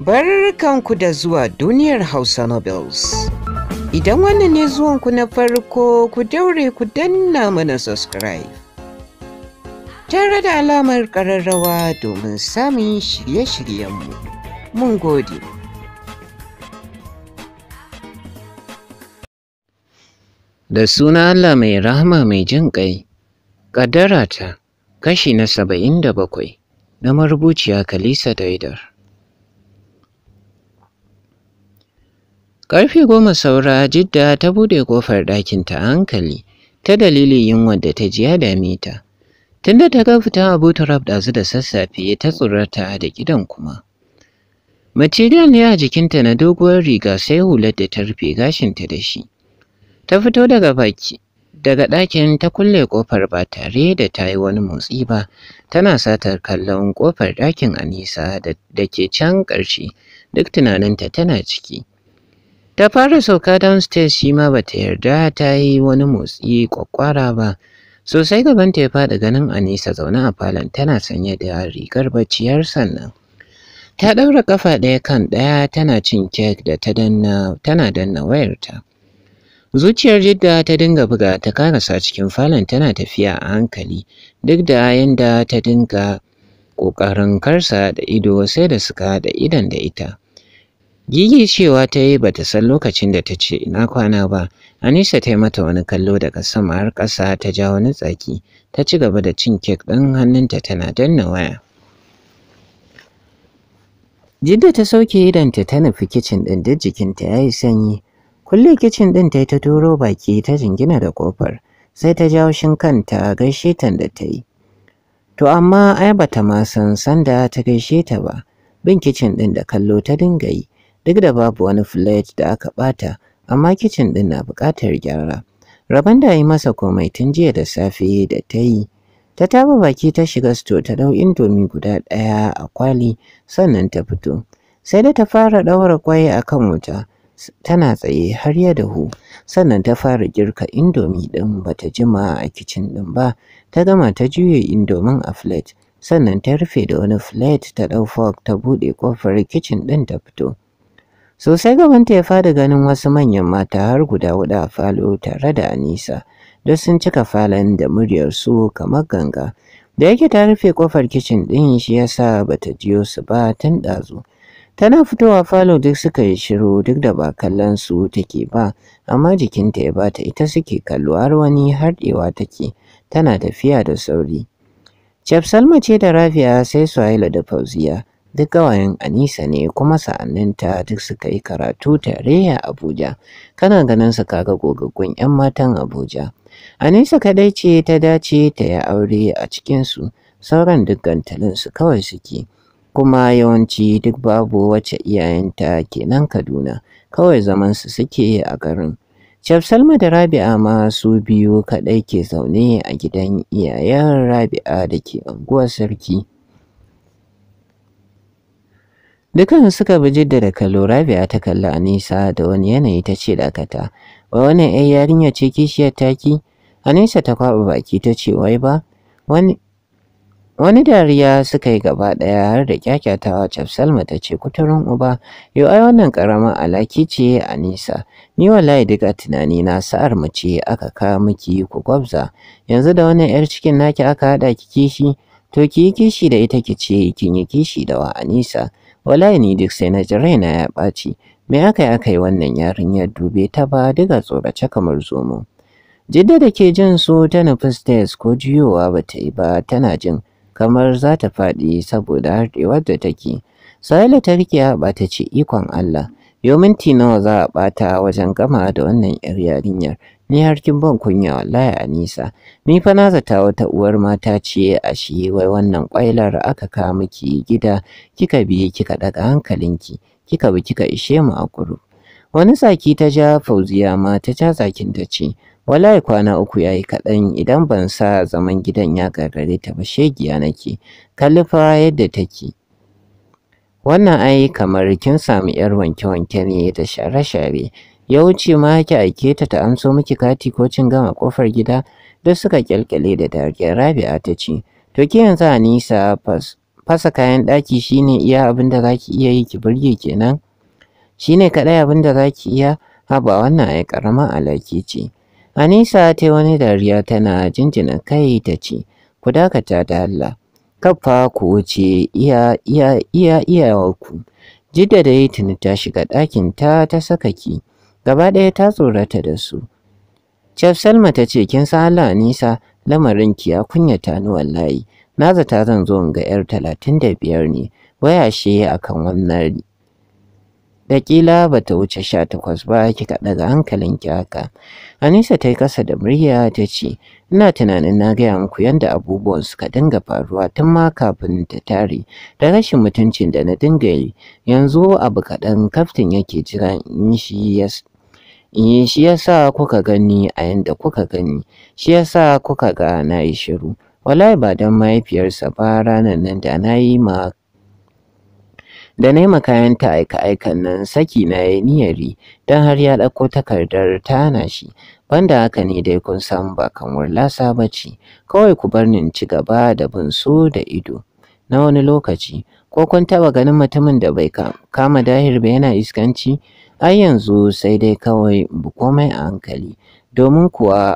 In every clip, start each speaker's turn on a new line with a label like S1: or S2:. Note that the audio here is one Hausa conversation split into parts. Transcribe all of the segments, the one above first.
S1: Barkanku da zuwa duniyar Hausa Nobels Idan wannan ne zuwanku na farko ku daure ku danna mana subscribe. Tare da alamar ƙararrawa domin samun shirye-shiryenmu. Mun gode. Da suna Allah mai rahama mai jin ƙai, ƙaddara ta kashi na saba'in da bakwai na marubuciya Kalisa Daidar. karfe goma saura Jidda ta bude ƙofar ɗakinta a hankali, ta dalilin yunwar da ta ji ya dame ta. Tunda ta ga fita a Turab ɗazu da sassafe ta tsorata da gidan kuma. Material ne a jikinta na doguwar riga sai hular da ta rufe gashinta da shi. Ta fito daga baki, daga ɗakin ta kulle ƙofar ba tare da ta yi wani motsi ba, tana satar kallon ƙofar ɗakin a Anisa da ke can ƙarshe, duk tunaninta tana ciki. ta fara sauka downstairs shi ma ba ta yarda ta yi wani motsi kwakwara ba sosai gabanta ya faɗi ganin anisa zaune a falon tana sanye da rigar bacciyar sannan ta ɗaura ƙafa ɗaya kan ɗaya tana cin kek da ta danna tana danna wayarta zuciyar jidda ta dinga buga ta karasa cikin falon tana tafiya a hankali duk da yanda ta dinga ƙoƙarin karsa da ido sai da suka da idan da ita Gigi cewa ta yi bata san lokacin da ta ce ina kwana ba, Anisa ta yi mata wani kallo daga sama har ƙasa ta ja wani tsaki, ta ci gaba da cin kek ɗin hannunta tana danna waya. Jidda ta sauke idanta ta nufi kicin ɗin duk jikinta ya yi sanyi. Kulle kicin ɗin ta yi ta turo baki ta jingina da ƙofar, sai ta jawo shin kanta gaishe ta da ta yi. To amma ai bata ma san sanda ta gaishe ta ba, bin kicin ɗin da kallo ta dinga yi. duk da babu wani flat da aka ɓata amma kicin ɗin na buƙatar gyara. Rabon da yi masa komai tun jiya da safe da ta yi. Ta taba baki ta shiga sto ta ɗau indomi guda ɗaya a kwali sannan ta fito. Sai da ta fara ɗaura kwai a kan wuta tana tsaye har ya dahu sannan ta fara girka indomi ɗin bata jima a kicin ɗin ba ta gama ta juye indomin a flat, sannan ta rufe da wani flat ta ɗau fork ta buɗe kofar kicin ɗin ta fito. Sosai gabanta ya fada ganin wasu manyan mata har guda hudu a falo tare da Anisa, da sun cika falon da muryarsu kamar ganga. Da yake ta rufe kofar kicin ɗin shi yasa ta jiyo su ba tun ɗazu. Tana fitowa falo duk suka yi shiru duk da ba kallon su take ba, amma jikinta ya bata ita suke kallo har wani harɗewa take, tana tafiya da sauri. Chef Salma ce da Rafiya sai Suhaila da Fauziya duk gawayen Anisa ne kuma sa'anninta duk suka yi karatu tare a Abuja kana ganin su kaga gogaggun 'yan matan Abuja Anisa kadai ce ta dace ta yi aure a cikinsu sauran duk su kawai suke kuma yawanci duk babu wacce iyayenta ke nan Kaduna kawai zaman su suke a garin Chef da Rabi'a ma su biyu kaɗai ke zaune a gidan iyayen Rabi'a da ke unguwar Sarki. dukan suka bi jidda da kallo rabia ta kalli anisa da wani yanayi ta ce dakata wai wani yar yarinya ce kishiyar taki anisa ta kwaɓa baki ta ce wai ba wani wani dariya suka yi gaba ɗaya har da kyakyatawa cap salma ta ce uba yo ai wannan ƙaramar alaki ce a nisa ni wallahi duk a tunani na sa'ar mu aka ka miki ku gwabza yanzu da wannan yar cikin naki aka haɗa ki kishi to ki kishi da ita ki ce kin yi kishi da wa a nisa wallahi ni duk sai na ji raina ya ɓaci me aka yi aka yi wannan yarinyar dube ta ba duka tsorace kamar zomo jidda da ke jin su ta nufi stairs ko jiyowa ba ta yi ba tana jin kamar za ta faɗi saboda harɗewar da take sahila ta rike haɓa ta ce ikon allah yau minti nawa za a ɓata wajen gama da wannan yar yarinyar ni har kin ban kunya wallahi nisa. ni fa na zata wata uwar mata ce a shi wai wannan kwailar aka ka miki gida kika bi kika daga hankalinki kika bi kika ishe mu a kuru wani saki ta ja Fauziya ma ta ja sakin ta ce wallahi kwana uku yayi kaɗan idan ban sa zaman gidan ya gargare ta ba shegiya nake kalli fa yadda take wannan ai kamar kin samu yar wanke-wanke ne da share-share ya wuce ma ki aike ta ta amso miki kati ko cin gama kofar gida duk suka kyalkyale da dariya Rabi'a ta ce to ke yanzu Anisa fasa kayan ɗaki shine iya abin da zaki iya yi ki burge kenan shine kaɗai abin da zaki iya haba wannan ai karama alaki ce Anisa ta wani dariya tana jinjina kai ta ce ku dakata da Allah kafa ku wuce iya iya iya iya ku jidda da tuni ta shiga ɗakin ta ta saka ki gaba ɗaya ta tsorata da su Chef Salma ta ce kin san Allah nisa. lamarin ki ya kunyata ni wallahi na zata zan zo in ga yar talatin da biyar ne waya a kan wannan da ba ta wuce sha takwas ba kika ɗaga hankalin ki haka Anisa ta yi kasa da murya ta ce ina tunanin na gaya muku yanda abubuwan suka dinga faruwa tun ma kafin ta tare da rashin mutuncin da na dinga yi yanzu abu kaɗan kaftin yake jira in shi ya E, shi yasa kuka gani a yanda kuka gani shi yasa kuka ga na yi shiru wallahi ba don mahaifiyarsa ba ranar nan da na yi ma da na yi makayanta aika-aikan nan saki na yi niyari don har ya ɗauko takardar tana shi banda haka ne dai kun san ba kan lasa ba ce kawai ku bar ni ci gaba da bin so da ido na wani lokaci ko kun taɓa ganin mutumin da bai kama dahir ba yana iskanci ai yanzu sai dai kawai bu komai a hankali domin kuwa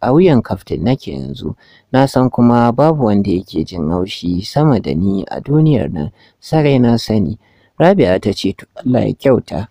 S1: a wuyan kaftin nake yanzu na san kuma babu wanda yake jin haushi sama da ni a duniyar nan sarai na sani rabia ta ce to Allah ya kyauta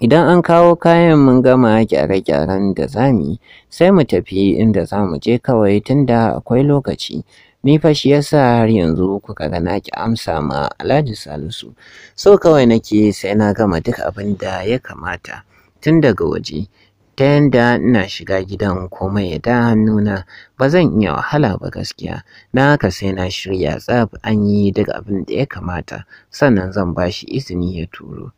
S1: idan an kawo kayan mun gama gyare-gyaren da za yi sai mu tafi inda za mu je kawai tunda akwai lokaci ni fa shi yasa har yanzu kuka ga na ki amsa ma Alhaji Salisu so kawai nake sai na gama duk abin da ya kamata tun daga waje ta yanda ina shiga gidan komai ya da hannuna ba zan iya wahala ba gaskiya na haka sai na shirya tsab an yi duk abin da ya kamata sannan zan ba shi izini ya turo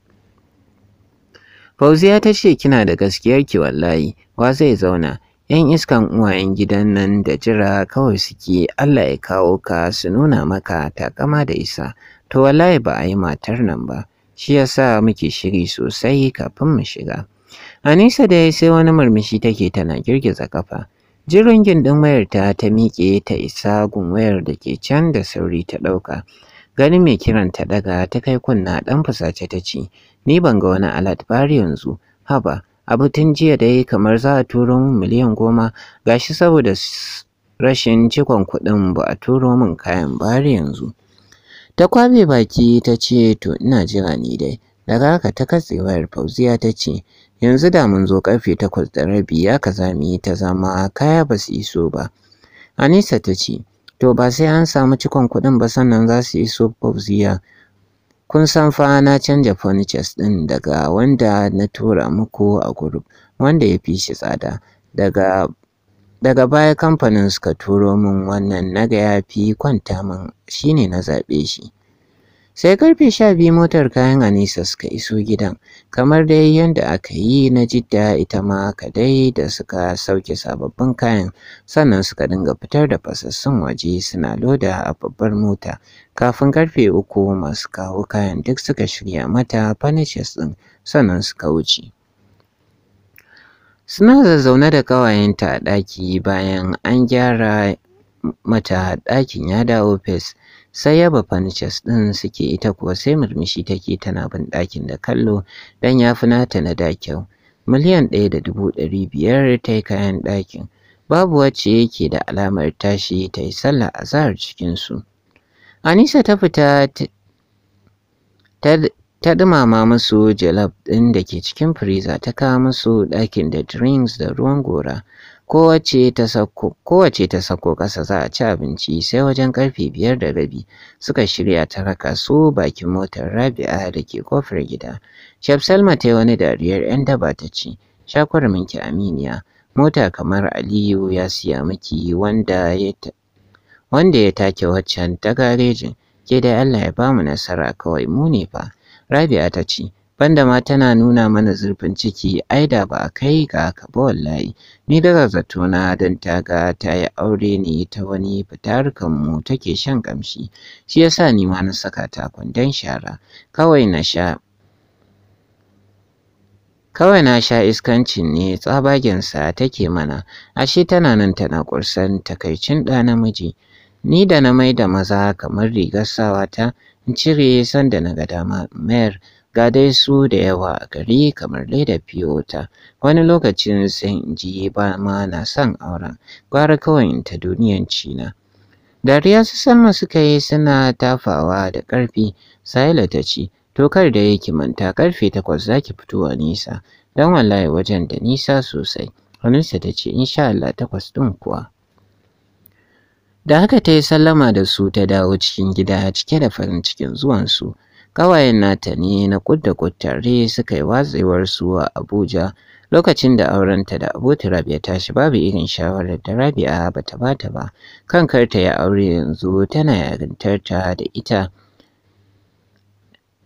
S1: Fauziya ta ce kina da gaskiyarki wallahi wa zai zauna 'yan iskan uwayen gidan nan da jira kawai suke Allah ya kawo ka su nuna maka takama da isa to wallahi ba a yi matar nan ba shi yasa muke shiri sosai kafin mu shiga A nisa da ya sai wani murmushi take tana girgiza kafa jirgin ɗin wayarta ta miƙe ta isa gun wayar da ke can da sauri ta ɗauka ganin mai kiran ta daga ta kai kunna ɗan fusace ta ce ni ban ga wani alat bari yanzu haba abu tun jiya da yayi kamar za a turo min miliyan goma gashi saboda rashin cikon kuɗin ba a turo min kayan ba yanzu ta kwame baki ta ce to ina jira ni dai daga haka ta katse wayar fauziya ta ce yanzu da mun zo karfe takwas da rabi ya ka zami ta zama kaya ba su iso ba anisa ta ce to ba sai an samu cikon kuɗin ba sannan za su iso fauziya Kun san fa na canja furnitures ɗin daga wanda na tura muku a group wanda ya fi shi tsada daga daga baya kamfanin suka turo min wannan na ga ya fi kwanta min shine na zaɓe shi. Sai karfe sha biyu motar kayan Anisa suka iso gidan, kamar dai yadda aka yi na jidda ita ma haka dai da suka sauke sababbin kayan sannan suka dinga fitar da fasassun waje suna loda a babbar mota. Kafin karfe uku masu kawo kayan duk suka shirya mata panaches ɗin sannan suka wuce. Suna zazzaune da ƙawayenta a ɗaki bayan an gyara mata ɗakin ya dawo fes sai yaba furnitures ɗin suke ita kuwa sai murmushi take tana bin ɗakin da kallo dan ya fi nata na da kyau miliyan ɗaya da dubu ɗari biyar ta yi kayan ɗakin babu wacce yake da alamar tashi ta yi sallah a zahar cikinsu anisa ta fita ta dumama musu jalab ɗin da ke cikin firiza ta kawo musu ɗakin da drinks da ruwan gora Kowace ta sako ƙasa za a ci abinci sai wajen karfe biyar da rabi suka shirya ta raka su bakin motar Rabi'a da ke ƙofar gida. Shaf Salma ta yi wani dariyar 'yan daba ta ce, Shakwar minki aminiya, mota kamar Aliyu ya siya miki wanda ya take waccan ta garejin, ke da Allah ya bamu nasara kawai mu ne fa. Rabi'a ta ce, banda ma tana nuna mana zurfin ciki ai da ba a kai ga haka ba wallahi ni daga zato na dan ta ga ta yi aure ne ta wani fitarukan mu take shan kamshi shi yasa ni ma na saka ta kwandon shara kawai na sha kawai na sha iskancin ne tsabagensa take mana ashe tana nan tana kursan takaicin ɗa namiji ni da na mai da maza kamar rigar sawa ta in cire sanda na ga dama mayar ga dai su da yawa a gari kamar da fiyota wani lokacin sai in ji ba ma na son auren gwara kawai ta duniyan cina dariya su sama suka yi suna tafawa da ƙarfi sahila ta ce to kar da yake manta ƙarfe takwas za ki fito a nisa don wallahi wajen da nisa sosai Hannunsa ta ce insha Allah takwas ɗin kuwa da haka ta yi sallama da su ta dawo cikin gida cike da farin cikin zuwansu ƙawayen nata ne na kudda kuttare suka yi watsewar su a Abuja lokacin da aurenta da Abu Rabi'a ta shi, babu irin shawarar da Rabi'a bata bata ba kan ta ya aure yanzu tana ta da ita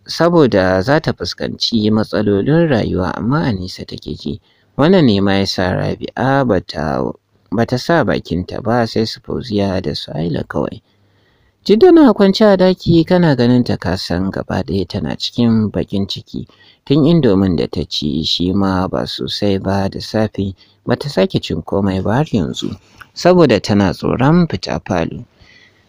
S1: saboda za ta fuskanci matsalolin rayuwa amma a Anisa take ji wannan ne ma yasa Rabi'a ba ta sa bakinta ba sai su fauziya da Suhaila kawai Jidda na kwance a daki kana ganin ta kasan gaba ɗaya tana cikin bakin ciki tun indomin da ta ci shi ma ba sosai ba da safe ba ta sake cin komai ba har yanzu saboda tana tsoron fita falo.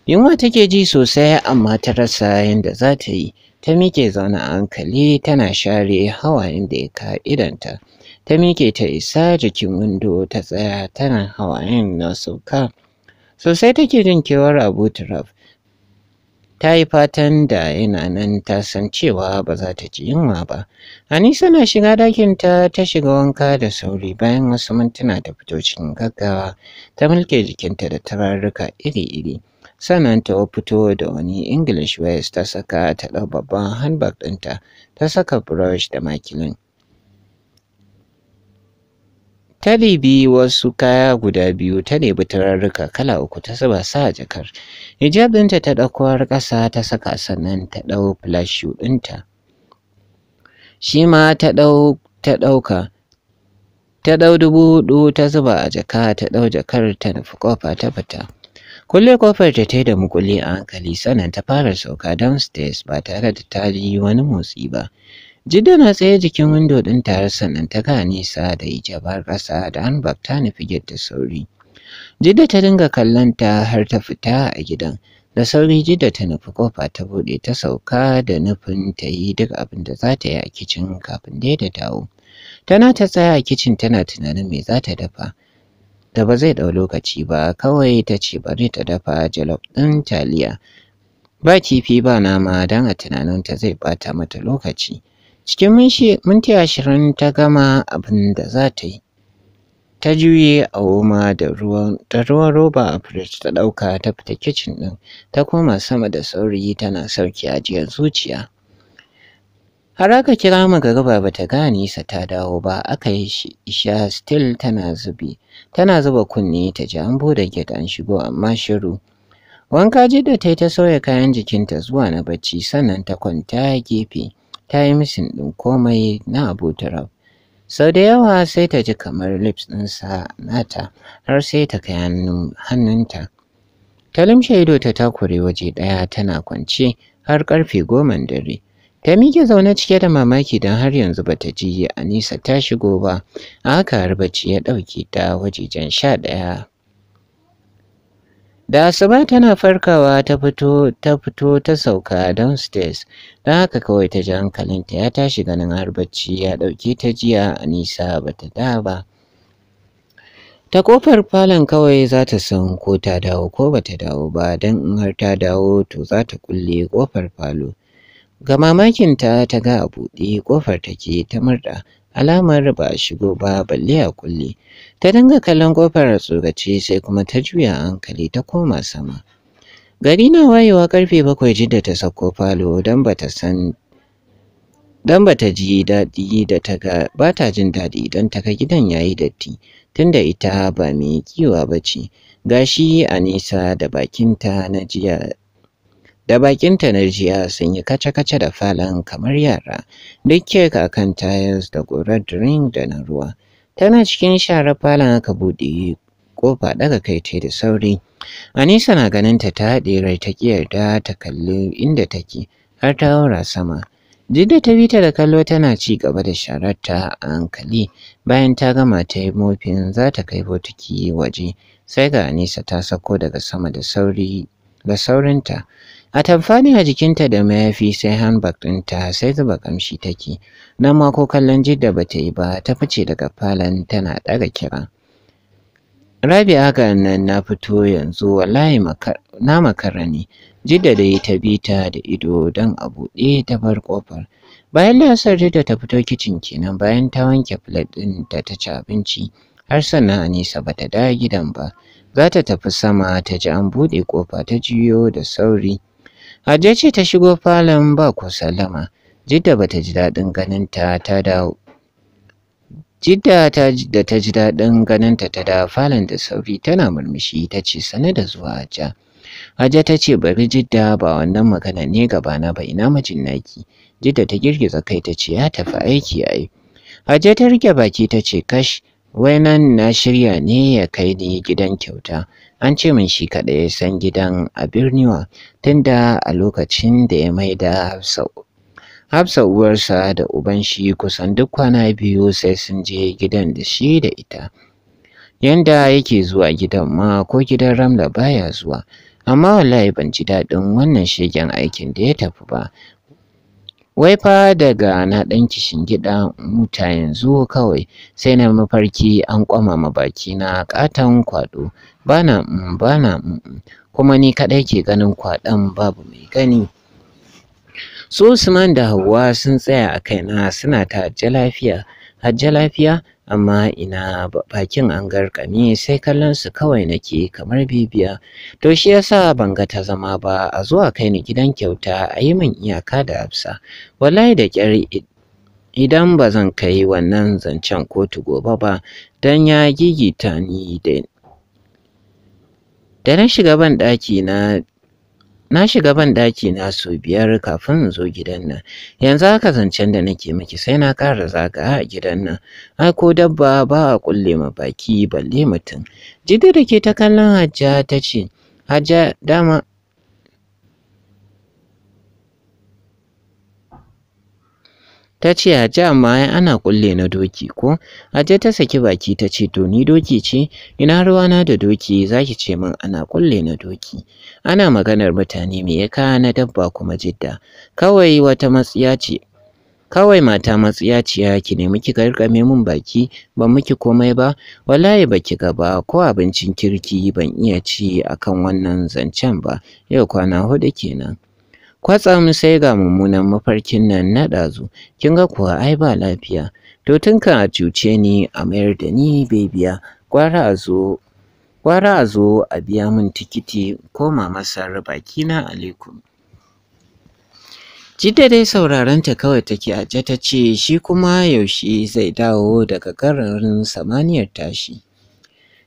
S1: Yunwa take ji sosai amma ta rasa yadda za ta yi ta miƙe zaune a hankali tana share hawayen da ya ka idanta ta miƙe ta isa jikin windo ta tsaya tana hawayen na sauka sosai take jin kewar abu turaf ta yi fatan da yana nan ta san cewa ba za ta ci yunwa ba. Anisa na shiga ɗakinta ta shiga wanka da sauri bayan wasu mintuna ta fito cikin gaggawa ta mulke jikinta da tararruka iri-iri. Sannan ta fito da wani English West ta saka ta ɗau babban handbag ɗinta ta saka brush da makilin. ta wasu kaya guda biyu ta nemi turarruka kala uku ta zuba sa a jakar hijabinta ta ɗauko ƙasa ta saka sannan ta ɗau flash ɗinta shi ma ta ɗau ta ɗauka ta ɗau dubu huɗu ta zuba a jaka ta ɗau jakar ta nufi ƙofa ta fita kulle ƙofar ta yi da mukulli a hankali sannan ta fara sauka downstairs ba tare da ta yi wani motsi ba Jidda na tsaye jikin windo ɗin tare sannan ta ga nisa da ijabar kasa, da hanbab ta nufi gid da sauri. Jidda ta dinga kallon ta har ta fita a gidan. Da sauri Jidda ta nufi kofa ta buɗe ta sauka da nufin ta yi duk abin da za ta yi a kicin kafin dai da dawo. Tana ta tsaya a kicin tana tunanin me za ta dafa. Da ba zai ɗau lokaci ba kawai ta ce bari ta dafa jalof ɗin taliya. Ba kifi ba nama don a tunaninta zai ɓata mata lokaci. Cikin minti ashirin ta gama abin da za ta yi. Ta juye a woma da ruwan roba a firij ta ɗauka ta fita kicin ɗin ta koma sama da sauri tana sauki ajiyar zuciya. Har aka kira magariba ba ta gane sa ta dawo ba aka yi isha still tana zubi tana zuba kunne ta ji an bude gate an shigo amma shiru. Wanka da ta yi ta sauya kayan jikinta zuwa na bacci sannan ta kwanta gefe. ta yi mishin ɗin komai na abu sau da yawa sai ta ji kamar lips ɗinsa nata har sai ta kai hannunta ta limshe ido ta takure waje ɗaya tana kwance har ƙarfe goma dare ta miƙe zaune cike da mamaki don har yanzu bata ji a nisa ta shigo ba a haka har bacci ya ɗauke ta waje jan sha ɗaya Da asuba tana farkawa ta fito ta fito ta sauka downstairs don haka kawai ta ji hankalinta ya tashi ganin har bacci ya ɗauke ta jiya a nisa ba ta da ba. Ta kofar falon kawai za ta san ko ta dawo ko ba ta dawo ba don in har ta dawo to za ta kulle kofar falo. Ga mamakinta ta ga a buɗe kofar take ta murda alamar ba a shigo ba balle a kulle ta dinga kallon kofar tsokaci sai kuma ta juya hankali ta koma sama gari na wayewa karfe bakwai jidda ta sauko falo don ba ta bata ji daɗi da ta ga ba ta jin daɗi idan ta ga gidan yayi datti tunda ita ba mai kiwa ba ce gashi a nisa da bakinta na jiya da bakinta na jiya sun yi kace-kace da falon kamar yara duk keka a kan tayas da ƙurar drink da na ruwa tana cikin sharar falon aka buɗe kofa daga kai ta da sauri anisa na ganin ta ta haɗe rai ta yarda ta kalli inda take har ta haura sama Jidda ta bi ta da kallo tana ci gaba da shararta a hankali bayan ta gama ta yi mofin za ta kai botiki waje sai ga Anisa ta sako daga sama da sauri da saurinta a tamfani a jikinta da mayafi sai handbag ɗinta sai zuba kamshi take nan ma kallon jidda ba ta yi ba ta fice daga falon tana ɗaga kira rabi haka nan na fito yanzu wallahi na makara ne jidda da ta bi ta da ido don a buɗe ta bar ƙofar bayan lasar jidda ta fito kicin kenan bayan ta wanke filet ɗin da ta ci abinci har sannan Anisa ba ta dawo gidan ba, za ta tafi sama ta ji an buɗe ƙofa ta jiyo da sauri. Hajiya ce ta shigo falon ba ko sallama. Jidda ba ta ji daɗin ganin ta ta dawo. Jidda ta da ta ji daɗin ganin ta ta da falon da sauri tana murmushi ta ce sane da zuwa Hajiya. Hajiya ta ce bari Jidda ba wannan magana ne gabana ba ina mijin naki. Jidda ta girgiza kai ta ce ya tafi aiki ai. Hajiya ta rike baki ta ce kash wai nan na shirya ne ya kai ni gidan kyauta. an ce min shi kaɗai ya san gidan a birniwa tunda a lokacin da ya maida hafsau. hafsa uwarsa da uban shi kusan duk kwana biyu sai sun je gidan da shi da ita yanda yake zuwa gidan ma ko gidan ramla baya zuwa amma wallahi ban ji daɗin wannan shegen aikin da ya tafi ba Wai fa daga na ɗan gida muta yanzu kawai sai na mafarki an kwamama bakina ƙaton kwaɗo bana mm, bana mm, mm, kuma ni kadai ke ganin kwaɗon babu mai gani. Su Usman da Hauwa sun tsaya a kaina suna ta jalafiya har hajja lafiya amma ina bakin an garkame sai kallon su kawai nake kamar bibiya to shi yasa ban ga ta zama ba a zuwa kai ni gidan kyauta a yi min iyaka da hafsa wallahi da ƙyar idan ba zan kai wannan zancen kotu gobe ba dan ya gigita ni da da na shiga ban ɗaki na Na shiga ban na sau biyar kafin in zo gidan nan. Yanzu haka zancen da nake miki sai na ƙara zaga a gidan nan. Ai ko dabba ba a kulle ma baki balle mutum. Jidda da ke ta kallon Hajja ta ce, Hajja dama ta ce ja amma ana kulle na doki ko? je ta saki baki ta ce to ni doki ce ina na da doki zaki ce min ana kulle na doki. Ana maganar mutane me ya ka na dabba kuma jidda kawai wata matsiya ce kawai mata matsiyaciya ki nemi ki karkame mun baki ban miki komai ba wallahi baki gaba ko abincin kirki ban iya ci akan wannan zancen ba yau kwana hudu kenan Kwatsam sai ga mummunan mafarkin nan na ɗazu, kin ga kuwa ai ba lafiya. To tun ka a cuce ni a mayar da ni bebiya, gwara a a zo a biya min tikiti koma masar bakina alaikum. Jidda dai ta kawai take je ta ce shi kuma yaushe zai dawo daga garin samaniyar tashi.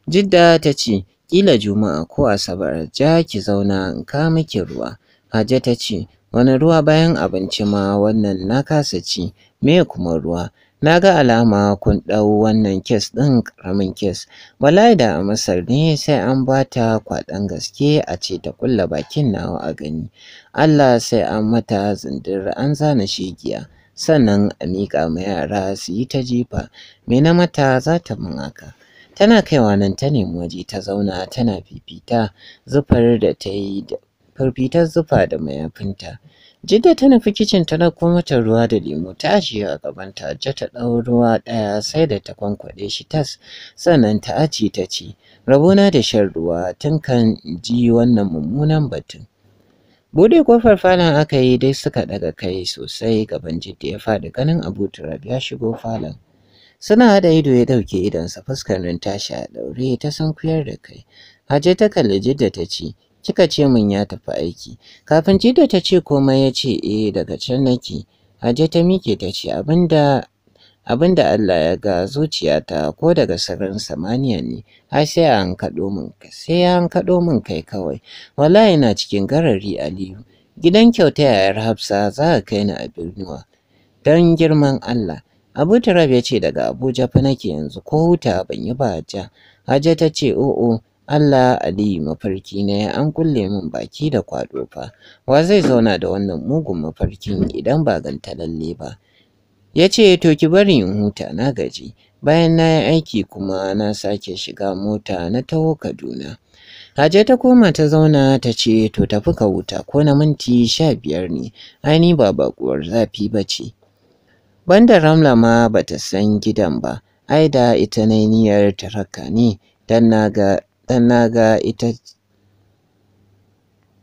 S1: Jidda ta ce, Kila Juma'a ko Asabar ja ki zauna in ka miki ruwa, Hajiya ta ce, wani ruwa bayan abinci ma wannan na kasa ci, me kuma ruwa? Na ga alama kun ɗau wannan kes ɗin ƙaramin kes. Wallahi da a Masar ne sai an ba ta kwaɗan gaske a ce ta kulla bakin nawa a gani. Allah sai an mata zindir an zana shegiya. Sannan a miƙa ma yara su yi ta jifa. Me na mata za ta mun haka? tana kaiwa nan ta nemi waje ta zauna tana fifita zufar da ta yi da karfi ta zufa da mayafinta. Jidda ta nufi kicin ta ɗauko mata ruwa da lemo ta ajiye a gabanta ja ta ɗau ruwa ɗaya sai da ta kwankwaɗe shi tas sannan ta ajiye ta ce rabona da shan ruwa tun kan ji wannan mummunan batun. Bude kofar falon aka yi dai suka ɗaga kai sosai gaban jidda ya faɗi ganin Abu Turab ya shigo falon. Suna haɗa ido ya ɗauke idonsa fuskar nan tashi a ɗaure ta sunkuyar da kai. Haje ta kalli jidda ta ci. kika ce min ya tafi aiki kafin jida ta ce komai ya ce eh daga can nake haje ta mike ta ce abinda abinda Allah ya ga zuciyata ko daga sirrin samaniya ne har sai an kaɗo min sai an kaɗo min kai kawai wallahi na cikin garari Aliyu gidan kyauta yayar Hafsa za ka kai ni a Birniwa dan girman Allah Abu Turab ya ce daga Abuja fa nake yanzu ko huta ban yi ba ja Haje ta ce o'o Allah Ali mafarki ne an kulle min baki da kwado fa wa zai zauna da wannan mugun mafarkin idan ba ganta lalle ba yace to ki bari in huta na gaji bayan na yi aiki kuma na sake shiga mota na taho Kaduna Haje ta koma ta zauna ta ce to tafi ka huta ko na minti sha biyar ne ai ni ba bakuwar zafi ba ce banda Ramla ma bata san gidan ba ai da ita na niyyar ta raka ni dan na ga dan na ga ita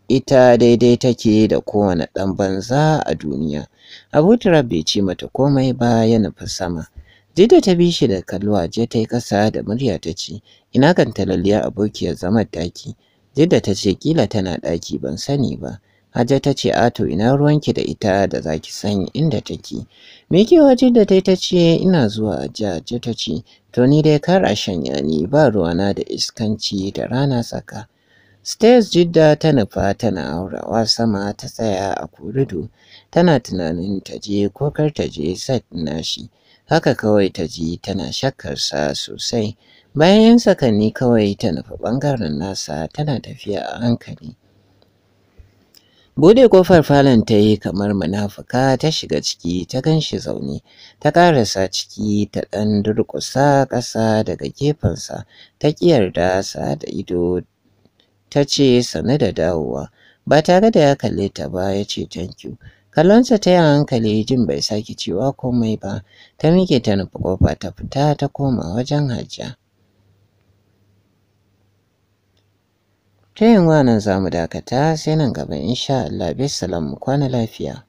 S1: ita daidai take da kowane ɗan banza a duniya. Abu bai ce mata komai ba ya nufi sama. Jidda ta bi shi da kalluwa je ta yi ƙasa da murya ta ce, Ina kan talalliya abokiyar zaman taki. Jidda ta ce kila tana ɗaki ban sani ba. Hajja ta ce ato ina ruwanki da ita da zaki sanya inda take. mike kewa Jidda ta ce ina zuwa a Hajja ta ce To ni dai kar a shanya ni ba ruwana da iskanci da rana tsaka. Stairs Jidda ta nufa tana aurawa sama ta tsaya a kurudu. tana tunanin ta je ko kar ta je set nashi. Haka kawai ta ji tana shakkarsa sosai. Bayan yin sakanni kawai ta nufa ɓangaren nasa tana tafiya a hankali. Bude kofar falon ta yi kamar munafuka ta shiga ciki ta ganshi zaune, ta ƙarasa ciki ta ɗan durƙusa ƙasa daga gefensa, ta da sa da ido ta ce sane da dawowa, ba tare da ya kalle ta ba ya ce thank you. Kallonsa ta yi hankali jin bai sake cewa komai ba, ta miƙe ta nufi kofa ta fita ta koma wajen Hajiya. ta yin nan za mu dakata sai nan gaba insha Allah bisalam mu kwana lafiya